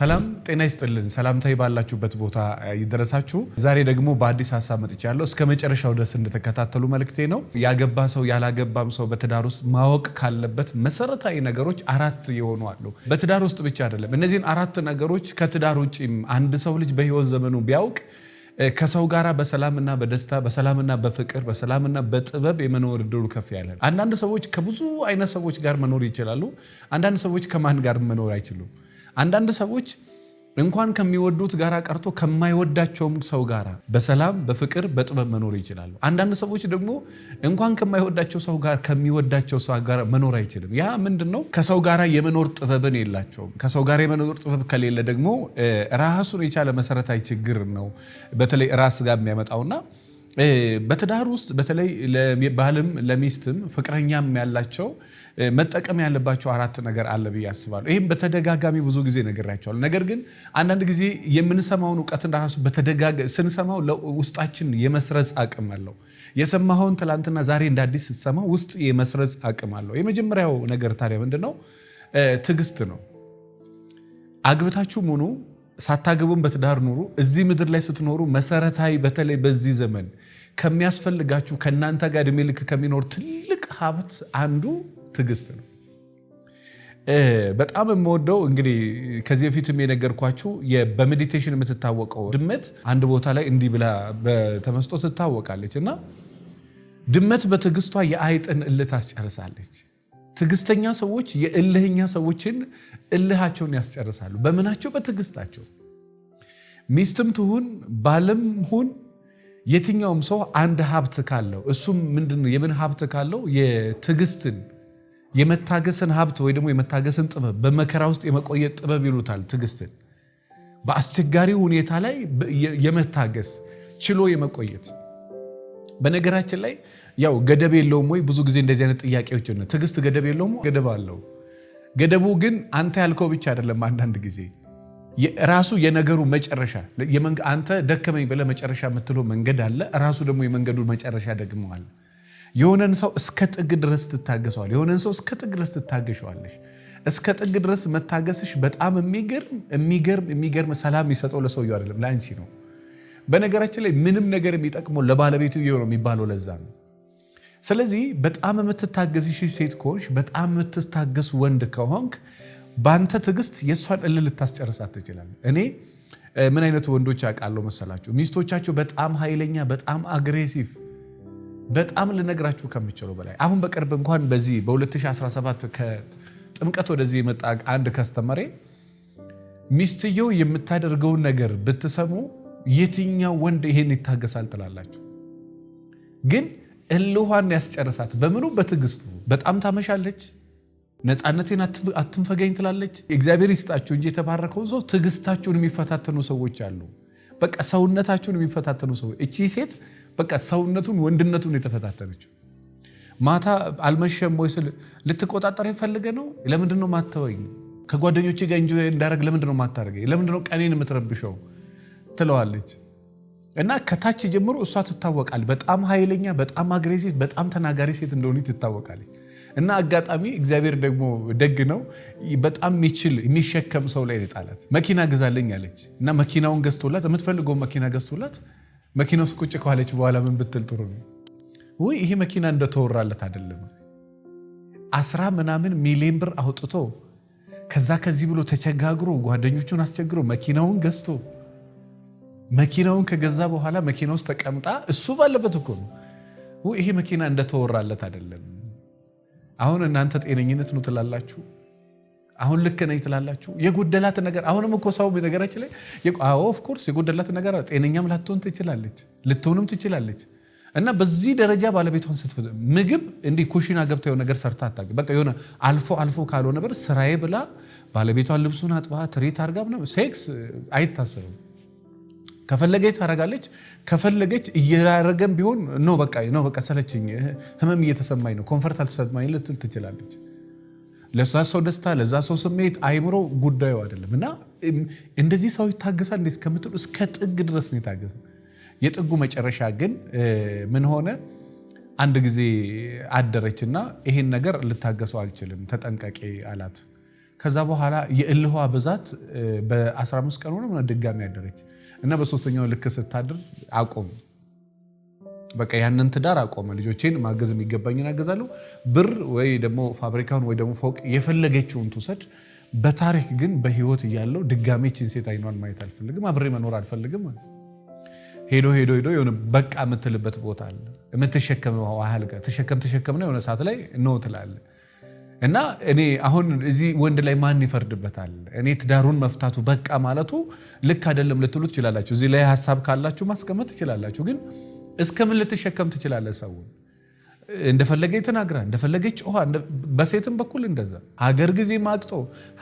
ሰላም ጤና ይስጥልን። ሰላምታዬ ባላችሁበት ቦታ ይደረሳችሁ። ዛሬ ደግሞ በአዲስ ሀሳብ መጥቻለሁ። እስከ መጨረሻው ድረስ እንደተከታተሉ መልክቴ ነው። ያገባ ሰው ያላገባም ሰው በትዳር ውስጥ ማወቅ ካለበት መሰረታዊ ነገሮች አራት የሆኑ አሉ። በትዳር ውስጥ ብቻ አይደለም። እነዚህን አራት ነገሮች ከትዳር ውጭም አንድ ሰው ልጅ በህይወት ዘመኑ ቢያውቅ ከሰው ጋር በሰላምና በደስታ በሰላምና በፍቅር በሰላምና በጥበብ የመኖር እድሉ ከፍ ያለ። አንዳንድ ሰዎች ከብዙ አይነት ሰዎች ጋር መኖር ይችላሉ። አንዳንድ ሰዎች ከማን ጋር መኖር አይችሉም። አንዳንድ ሰዎች እንኳን ከሚወዱት ጋር ቀርቶ ከማይወዳቸውም ሰው ጋር በሰላም በፍቅር በጥበብ መኖር ይችላሉ። አንዳንድ ሰዎች ደግሞ እንኳን ከማይወዳቸው ሰው ጋር ከሚወዳቸው ሰው ጋር መኖር አይችልም። ያ ምንድን ነው? ከሰው ጋር የመኖር ጥበብን የላቸውም። ከሰው ጋር የመኖር ጥበብ ከሌለ ደግሞ ራሱን የቻለ መሰረታዊ ችግር ነው፣ በተለይ ራስ ጋር የሚያመጣውና በትዳር ውስጥ በተለይ ለባልም ለሚስትም ፍቅረኛም ያላቸው መጠቀም ያለባቸው አራት ነገር አለ ብዬ አስባለሁ። ይህም በተደጋጋሚ ብዙ ጊዜ ነግሬያቸዋለሁ። ነገር ግን አንዳንድ ጊዜ የምንሰማውን እውቀት ራሱ ስንሰማው ውስጣችን የመስረጽ አቅም አለው። የሰማኸውን ትላንትና ዛሬ እንደ አዲስ ስትሰማው ውስጥ የመስረጽ አቅም አለው። የመጀመሪያው ነገር ታዲያ ምንድን ነው? ትዕግስት ነው። አግብታችሁም ሆኑ ሳታግቡም በትዳር ኑሩ። እዚህ ምድር ላይ ስትኖሩ መሰረታዊ በተለይ በዚህ ዘመን ከሚያስፈልጋችሁ ከእናንተ ጋር እድሜ ልክ ከሚኖር ትልቅ ሀብት አንዱ ትዕግስት ነው። በጣም የምወደው እንግዲህ ከዚህ በፊትም የነገርኳችሁ በሜዲቴሽን የምትታወቀው ድመት አንድ ቦታ ላይ እንዲህ ብላ በተመስጦ ትታወቃለች እና ድመት በትዕግስቷ የአይጥን እልህ ታስጨርሳለች። ትዕግስተኛ ሰዎች የእልህኛ ሰዎችን እልሃቸውን ያስጨርሳሉ። በምናቸው? በትዕግስታቸው። ሚስትም ትሁን ባልም ሁን የትኛውም ሰው አንድ ሀብት ካለው እሱም ምንድነው? የምን ሀብት ካለው የትዕግስትን የመታገስን ሀብት ወይ ደግሞ የመታገስን ጥበብ፣ በመከራ ውስጥ የመቆየት ጥበብ ይሉታል። ትዕግስትን በአስቸጋሪ ሁኔታ ላይ የመታገስ ችሎ የመቆየት በነገራችን ላይ ያው ገደብ የለውም ወይ? ብዙ ጊዜ እንደዚህ አይነት ጥያቄዎች ነው። ትዕግስት ገደብ የለውም? ገደብ አለው። ገደቡ ግን አንተ ያልከው ብቻ አይደለም። አንዳንድ ጊዜ ራሱ የነገሩ መጨረሻ አንተ ደከመኝ ብለህ መጨረሻ የምትለው መንገድ አለ። ራሱ ደግሞ የመንገዱ መጨረሻ ደግመዋል። የሆነን ሰው እስከ ጥግ ድረስ ትታገሰዋል። የሆነን ሰው እስከ ጥግ ድረስ ትታገሸዋለሽ። እስከ ጥግ ድረስ መታገስሽ በጣም የሚገርም የሚገርም የሚገርም ሰላም የሚሰጠው ለሰውየው አይደለም ለአንቺ ነው። በነገራችን ላይ ምንም ነገር የሚጠቅመው ለባለቤቱ ነው የሚባለው ለዛ ነው። ስለዚህ በጣም የምትታገዝሽ ሴት ከሆንሽ፣ በጣም የምትታገስ ወንድ ከሆንክ በአንተ ትዕግስት የእሷን እልህ ልታስጨርሳት ትችላለህ። እኔ ምን አይነት ወንዶች አውቃለሁ መሰላችሁ? ሚስቶቻቸው በጣም ኃይለኛ፣ በጣም አግሬሲቭ፣ በጣም ልነግራችሁ ከምችለው በላይ አሁን በቅርብ እንኳን በዚህ በ2017 ከጥምቀት ወደዚህ የመጣ አንድ ከስተመሬ ሚስትየው የምታደርገውን ነገር ብትሰሙ የትኛው ወንድ ይሄን ይታገሳል ትላላችሁ? ግን እልኋን ያስጨርሳት በምኑ? በትዕግስቱ። በጣም ታመሻለች ነፃነቴን አትንፈገኝ ትላለች። እግዚአብሔር ይስጣችሁ እንጂ የተባረከውን ሰው ትዕግስታችሁን የሚፈታተኑ ሰዎች አሉ። በቃ ሰውነታችሁን የሚፈታተኑ ሰዎች። እቺ ሴት በቃ ሰውነቱን ወንድነቱን የተፈታተነችው ማታ አልመሸም ወይ ስል ልትቆጣጠር የፈለገ ነው። ለምንድን ነው ማተወኝ? ከጓደኞች ጋር እንጂ እንዳረግ ለምንድን ነው ለምንድነው ለምንድን ነው ቀኔን የምትረብሸው? ትለዋለች እና ከታች ጀምሮ እሷ ትታወቃል። በጣም ኃይለኛ፣ በጣም አግሬሲቭ፣ በጣም ተናጋሪ ሴት እንደሆነ ትታወቃለች። እና አጋጣሚ እግዚአብሔር ደግሞ ደግ ነው። በጣም የሚችል የሚሸከም ሰው ላይ ጣላት። መኪና ግዛለኝ አለች እና መኪናውን ገዝቶላት የምትፈልገውን መኪና ገዝቶላት መኪና ውስጥ ቁጭ ከኋለች በኋላ ምን ብትል ጥሩ ነው ወይ ይሄ መኪና እንደተወራለት አይደለም አስራ ምናምን ሚሊዮን ብር አውጥቶ ከዛ ከዚህ ብሎ ተቸጋግሮ ጓደኞቹን አስቸግሮ መኪናውን ገዝቶ መኪናውን ከገዛ በኋላ መኪና ውስጥ ተቀምጣ እሱ ባለበት እኮ ነው። ይሄ መኪና እንደተወራለት አይደለም። አሁን እናንተ ጤነኝነት ነው ትላላችሁ። አሁን ልክ ነኝ ትላላችሁ። የጎደላት ነገር አሁንም እኮ ሰው ነገራችን ላይ ኦፍኮርስ የጎደላት ነገር ጤነኛም ላትሆን ትችላለች፣ ልትሆንም ትችላለች። እና በዚህ ደረጃ ባለቤቷን ስትፍት ምግብ እንዲህ ኩሽና ገብታ የሆነ ነገር ሰርታ አታውቅም። በቃ የሆነ አልፎ አልፎ ካልሆነ ነበር ስራዬ ብላ ባለቤቷን ልብሱን አጥባ ትሬት አርጋ ሴክስ አይታሰብም። ከፈለገች ታረጋለች፣ ከፈለገች እያረገን ቢሆን ኖ በቃ ኖ በቃ ሰለችኝ፣ ህመም እየተሰማኝ ነው፣ ኮንፈርት አልተሰማኝ ልትል ትችላለች። ለዛ ሰው ደስታ፣ ለዛ ሰው ስሜት አይምሮ ጉዳዩ አይደለም። እና እንደዚህ ሰው ይታገሳል እንዴ እስከምትሉ እስከ ጥግ ድረስ ነው የታገሰ። የጥጉ መጨረሻ ግን ምን ሆነ? አንድ ጊዜ አደረችና ይሄን ነገር ልታገሰው አልችልም፣ ተጠንቀቂ አላት። ከዛ በኋላ የእልህዋ ብዛት በ15 ቀን ሆነ ድጋሚ አደረች። እና በሶስተኛው ልክ ስታድር አቆም በቃ ያንን ትዳር አቆመ። ልጆቼን ማገዝ የሚገባኝን አገዛለሁ። ብር ወይ ደግሞ ፋብሪካውን ወይ ደግሞ ፎቅ የፈለገችውን ትውሰድ። በታሪክ ግን በህይወት እያለው ድጋሜ ችን ሴት አይኗን ማየት አልፈልግም፣ አብሬ መኖር አልፈልግም። ሄዶ ሄዶ ሄዶ የሆነ በቃ የምትልበት ቦታ አለ። የምትሸከም ያህል ጋር ተሸከም ተሸከምና የሆነ ሰዓት ላይ ኖ ትላለህ። እና እኔ አሁን እዚህ ወንድ ላይ ማን ይፈርድበታል? እኔ ትዳሩን መፍታቱ በቃ ማለቱ ልክ አይደለም ልትሉ ትችላላችሁ። እዚህ ላይ ሀሳብ ካላችሁ ማስቀመጥ ትችላላችሁ። ግን እስከምን ልትሸከም ትችላለ? ሰውን እንደፈለገ ተናግራ እንደፈለገ ጮኋ፣ በሴትም በኩል እንደዛ ሀገር ጊዜ ማቅጦ፣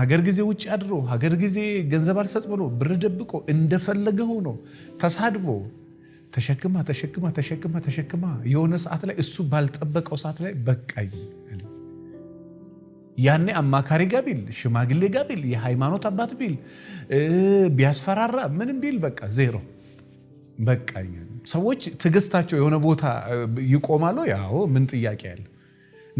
ሀገር ጊዜ ውጭ አድሮ፣ ሀገር ጊዜ ገንዘብ አልሰጥ ብሎ ብር ደብቆ እንደፈለገ ሆኖ ተሳድቦ ተሸክማ ተሸክማ ተሸክማ ተሸክማ የሆነ ሰዓት ላይ እሱ ባልጠበቀው ሰዓት ላይ በቃኝ ያኔ አማካሪ ጋር ቢል ሽማግሌ ጋር ቢል የሃይማኖት አባት ቢል ቢያስፈራራ ምንም ቢል በቃ ዜሮ በቃ ሰዎች ትዕግስታቸው የሆነ ቦታ ይቆማሉ። ያው ምን ጥያቄ አለ?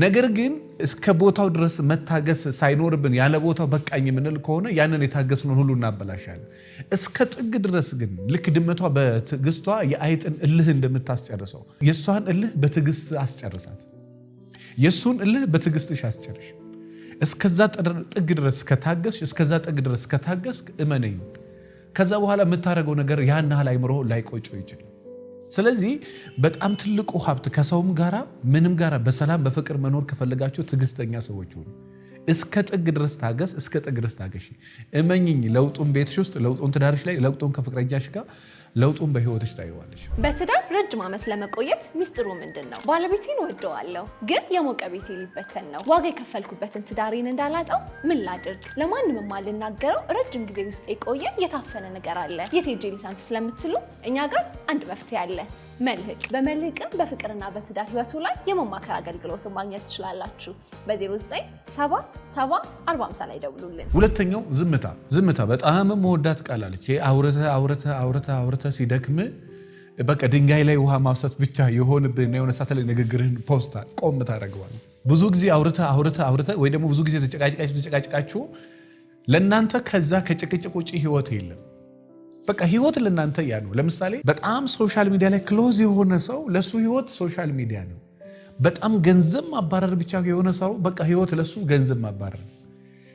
ነገር ግን እስከ ቦታው ድረስ መታገስ ሳይኖርብን ያለ ቦታው በቃኝ የምንል ከሆነ ያንን የታገስነውን ሁሉ እናበላሻለን። እስከ ጥግ ድረስ ግን ልክ ድመቷ በትዕግስቷ የአይጥን እልህ እንደምታስጨርሰው የእሷን እልህ በትዕግስት አስጨርሳት። የእሱን እልህ በትዕግስትሽ አስጨርሽ። እስከዛ ጥግ ድረስ ከታገስ እስከዛ ጥግ ድረስ ከታገስ እመነኝ፣ ከዛ በኋላ የምታደርገው ነገር ያን ያህል አይምሮ ላይቆጮ ይችላል። ስለዚህ በጣም ትልቁ ሀብት ከሰውም ጋራ ምንም ጋራ በሰላም በፍቅር መኖር ከፈለጋቸው ትዕግስተኛ ሰዎች ሆኑ። እስከ ጥግ ድረስ ታገስ፣ እስከ ጥግ ድረስ ታገሽ። እመኝኝ፣ ለውጡን ቤትሽ ውስጥ፣ ለውጡን ትዳርሽ ላይ፣ ለውጡን ከፍቅረኛሽ ጋር ለውጡን በህይወትሽ ታይዋለሽ። በትዳር ረጅም ዓመት ለመቆየት ሚስጥሩ ምንድን ነው? ባለቤቴን ወደዋለሁ፣ ግን የሞቀ ቤቴ ሊበተን ነው። ዋጋ የከፈልኩበትን ትዳሬን እንዳላጣው ምን ላድርግ? ለማንም የማልናገረው ረጅም ጊዜ ውስጥ የቆየ የታፈነ ነገር አለ። የቴጄ ሊተንፍ ስለምትሉ እኛ ጋር አንድ መፍትሄ አለ። መልህቅ በመልህቅም በፍቅርና በትዳር ህይወቱ ላይ የመማከር አገልግሎትን ማግኘት ትችላላችሁ። በ0977 በ097745 ላይ ደውሉልን። ሁለተኛው ዝምታ። ዝምታ በጣም መወዳት ቃላለች። አውርተ አውርተ አውርተ አውርተ ሲደክም በቃ ድንጋይ ላይ ውሃ ማፍሰስ ብቻ የሆንብህና የሆነ ሰዓት ላይ ንግግርህን ፖስታ ቆም ታደርገዋለህ። ብዙ ጊዜ አውርተ አውርተ አውርተ ወይ ደግሞ ብዙ ጊዜ ተጨቃጭቃችሁ ተጨቃጭቃችሁ ለእናንተ ከዛ ከጭቅጭቅ ውጭ ህይወት የለም በቃ ህይወት ለእናንተ ያ ነው። ለምሳሌ በጣም ሶሻል ሚዲያ ላይ ክሎዝ የሆነ ሰው ለሱ ህይወት ሶሻል ሚዲያ ነው። በጣም ገንዘብ ማባረር ብቻ የሆነ ሰው በቃ ህይወት ለሱ ገንዘብ ማባረር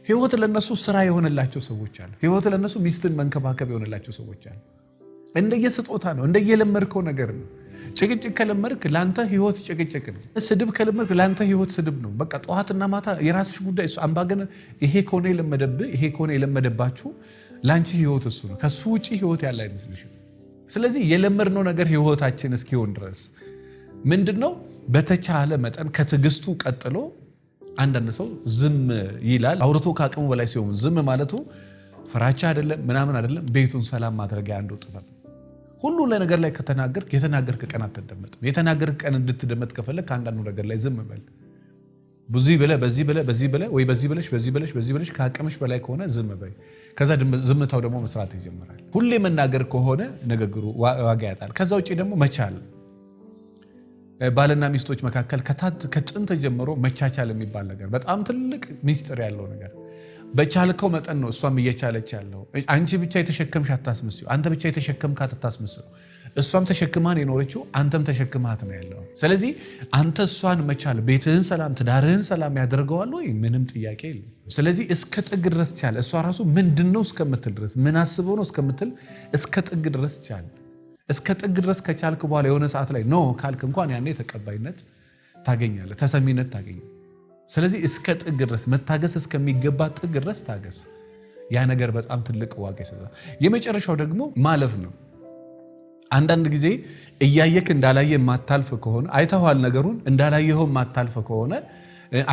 ህይወት ለነሱ ስራ የሆነላቸው ሰዎች አሉ። ህይወት ለነሱ ሚስትን መንከባከብ የሆነላቸው ሰዎች አሉ። እንደየስጦታ ነው፣ እንደየለመድከው ነገር ነው። ጭቅጭቅ ከለመድክ ለአንተ ህይወት ጭቅጭቅ ነው። ስድብ ከለመድክ ለአንተ ህይወት ስድብ ነው። በቃ ጠዋትና ማታ የራስሽ ጉዳይ። አምባገነን ይሄ ከሆነ የለመደብህ ይሄ ከሆነ የለመደባችሁ ለአንቺ ህይወት እሱ ነው። ከሱ ውጭ ህይወት ያለ አይመስልሽም። ስለዚህ የለመድነው ነገር ህይወታችን እስኪሆን ድረስ ምንድን ነው በተቻለ መጠን ከትዕግስቱ ቀጥሎ አንዳንድ ሰው ዝም ይላል። አውርቶ ከአቅሙ በላይ ሲሆን ዝም ማለቱ ፍራቻ አይደለም ምናምን አይደለም። ቤቱን ሰላም ማድረግ አንዱ ጥበብ ነው። ሁሉ ነገር ላይ ከተናገርክ የተናገርክ ቀን አትደመጥም። የተናገርክ ቀን እንድትደመጥ ከፈለግ ከአንዳንዱ ነገር ላይ ዝም በል። ብዙ ብለህ በዚህ ብለህ በዚህ ብለህ ወይ በዚህ ብለሽ በዚህ ብለሽ በዚህ ብለሽ ከአቅምሽ በላይ ከሆነ ዝም በይ። ከዛ ዝምታው ደግሞ መስራት ይጀምራል። ሁሌ መናገር ከሆነ ንግግሩ ዋጋ ያጣል። ከዛ ውጭ ደግሞ መቻል ባልና ሚስቶች መካከል ከጥንት ጀምሮ መቻቻል የሚባል ነገር በጣም ትልቅ ሚስጥር ያለው ነገር በቻልከው መጠን ነው እሷም እየቻለች ያለው። አንቺ ብቻ የተሸከምሽ አታስመስዩ። አንተ ብቻ የተሸከምካት አታስመስሉ። እሷም ተሸክማን የኖረችው አንተም ተሸክማት ነው ያለው። ስለዚህ አንተ እሷን መቻል ቤትህን ሰላም፣ ትዳርህን ሰላም ያደርገዋል ወይ? ምንም ጥያቄ የለም። ስለዚህ እስከ ጥግ ድረስ ቻል። እሷ ራሱ ምንድን ነው እስከምትል ድረስ ምን አስበው ነው እስከምትል እስከ ጥግ ድረስ ቻል። እስከ ጥግ ድረስ ከቻልክ በኋላ የሆነ ሰዓት ላይ ኖ ካልክ እንኳን ያኔ ተቀባይነት ታገኛለ፣ ተሰሚነት ታገኛለህ። ስለዚህ እስከ ጥግ ድረስ መታገስ እስከሚገባ ጥግ ድረስ ታገስ። ያ ነገር በጣም ትልቅ ዋጋ ይሰጣል። የመጨረሻው ደግሞ ማለፍ ነው። አንዳንድ ጊዜ እያየክ እንዳላየ የማታልፍ ከሆነ አይተኋል ነገሩን እንዳላየኸው የማታልፍ ከሆነ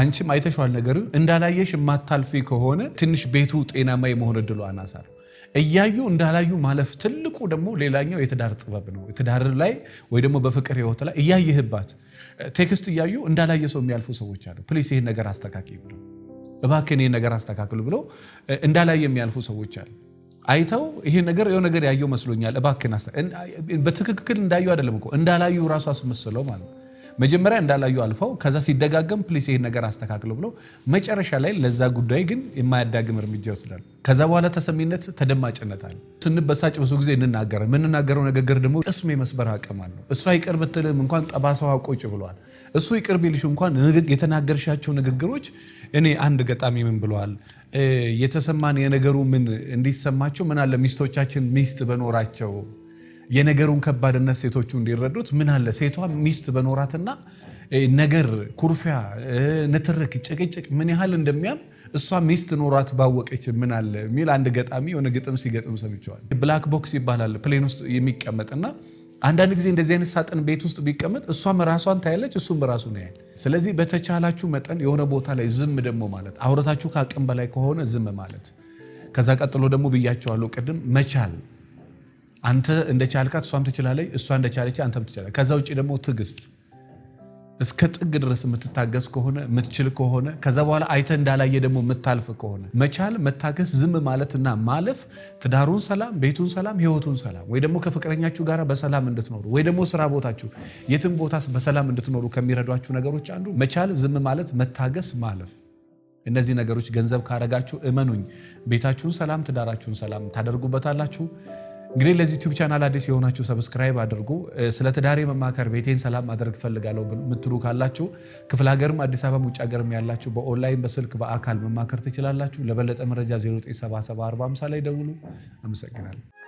አንቺም አይተሸዋል ነገሩን እንዳላየሽ የማታልፊ ከሆነ ትንሽ ቤቱ ጤናማ የመሆን እድሉ አናሳ ነው። እያዩ እንዳላዩ ማለፍ ትልቁ ደግሞ ሌላኛው የትዳር ጥበብ ነው። ትዳር ላይ ወይ ደግሞ በፍቅር ህይወት ላይ እያየህባት ቴክስት እያዩ እንዳላየ ሰው የሚያልፉ ሰዎች አሉ። ፕሊስ ይህን ነገር አስተካክል ብሎ እባክህ ይህን ነገር አስተካክሉ ብሎ እንዳላየ የሚያልፉ ሰዎች አሉ። አይተው ይሄ ነገር የሆነ ነገር ያየው መስሎኛል እባክን አስ በትክክል እንዳዩ አይደለም እኮ እንዳላዩ ራሱ አስመስለው ማለት ነው። መጀመሪያ እንዳላዩ አልፈው ከዛ ሲደጋገም ፕሊስ ይሄን ነገር አስተካክለው ብለው መጨረሻ ላይ ለዛ ጉዳይ ግን የማያዳግም እርምጃ ይወስዳል። ከዛ በኋላ ተሰሚነት፣ ተደማጭነት አለ። ስንበሳጭ ብዙ ጊዜ እንናገረ የምንናገረው ንግግር ደግሞ ቅስም የመስበር አቅም አለው። እሱ ይቅር ብትልም እንኳን ጠባሳዋ አቆጭ ብለዋል። እሱ ይቅር ቢልሽ እንኳን የተናገርሻቸው ንግግሮች እኔ አንድ ገጣሚ ምን ብለዋል የተሰማን የነገሩ ምን እንዲሰማቸው ምን አለ ሚስቶቻችን ሚስት በኖራቸው የነገሩን ከባድነት ሴቶቹ እንዲረዱት ምን አለ ሴቷ ሚስት በኖራትና ነገር፣ ኩርፊያ፣ ንትርክ፣ ጭቅጭቅ ምን ያህል እንደሚያም እሷ ሚስት ኖሯት ባወቀች ምን አለ የሚል አንድ ገጣሚ የሆነ ግጥም ሲገጥም ሰምቸዋል። ብላክ ቦክስ ይባላል ፕሌን ውስጥ የሚቀመጥና አንዳንድ ጊዜ እንደዚህ አይነት ሳጥን ቤት ውስጥ ቢቀመጥ እሷም ራሷን ታያለች፣ እሱም ራሱን ያያል። ስለዚህ በተቻላችሁ መጠን የሆነ ቦታ ላይ ዝም ደግሞ ማለት አውረታችሁ ከአቅም በላይ ከሆነ ዝም ማለት። ከዛ ቀጥሎ ደግሞ ብያቸዋለሁ ቅድም መቻል፣ አንተ እንደቻልካት እሷም ትችላለች፣ እሷ እንደቻለች አንተም ትችላለች። ከዛ ውጭ ደግሞ ትዕግስት እስከ ጥግ ድረስ የምትታገስ ከሆነ የምትችል ከሆነ ከዛ በኋላ አይተ እንዳላየ ደግሞ የምታልፍ ከሆነ መቻል፣ መታገስ፣ ዝም ማለትና ማለፍ ትዳሩን ሰላም፣ ቤቱን ሰላም፣ ህይወቱን ሰላም ወይ ደግሞ ከፍቅረኛችሁ ጋር በሰላም እንድትኖሩ ወይ ደግሞ ስራ ቦታችሁ የትም ቦታ በሰላም እንድትኖሩ ከሚረዷችሁ ነገሮች አንዱ መቻል፣ ዝም ማለት፣ መታገስ፣ ማለፍ እነዚህ ነገሮች ገንዘብ ካረጋችሁ እመኑኝ ቤታችሁን ሰላም፣ ትዳራችሁን ሰላም ታደርጉበታላችሁ። እንግዲህ ለዚህ ዩቲዩብ ቻናል አዲስ የሆናችሁ ሰብስክራይብ አድርጉ። ስለ ትዳሬ መማከር ቤቴን ሰላም ማድረግ ፈልጋለሁ የምትሉ ካላችሁ ክፍለ ሀገርም አዲስ አበባም ውጭ ሀገርም ያላችሁ በኦንላይን በስልክ በአካል መማከር ትችላላችሁ። ለበለጠ መረጃ 097745 ላይ ደውሉ። አመሰግናለሁ።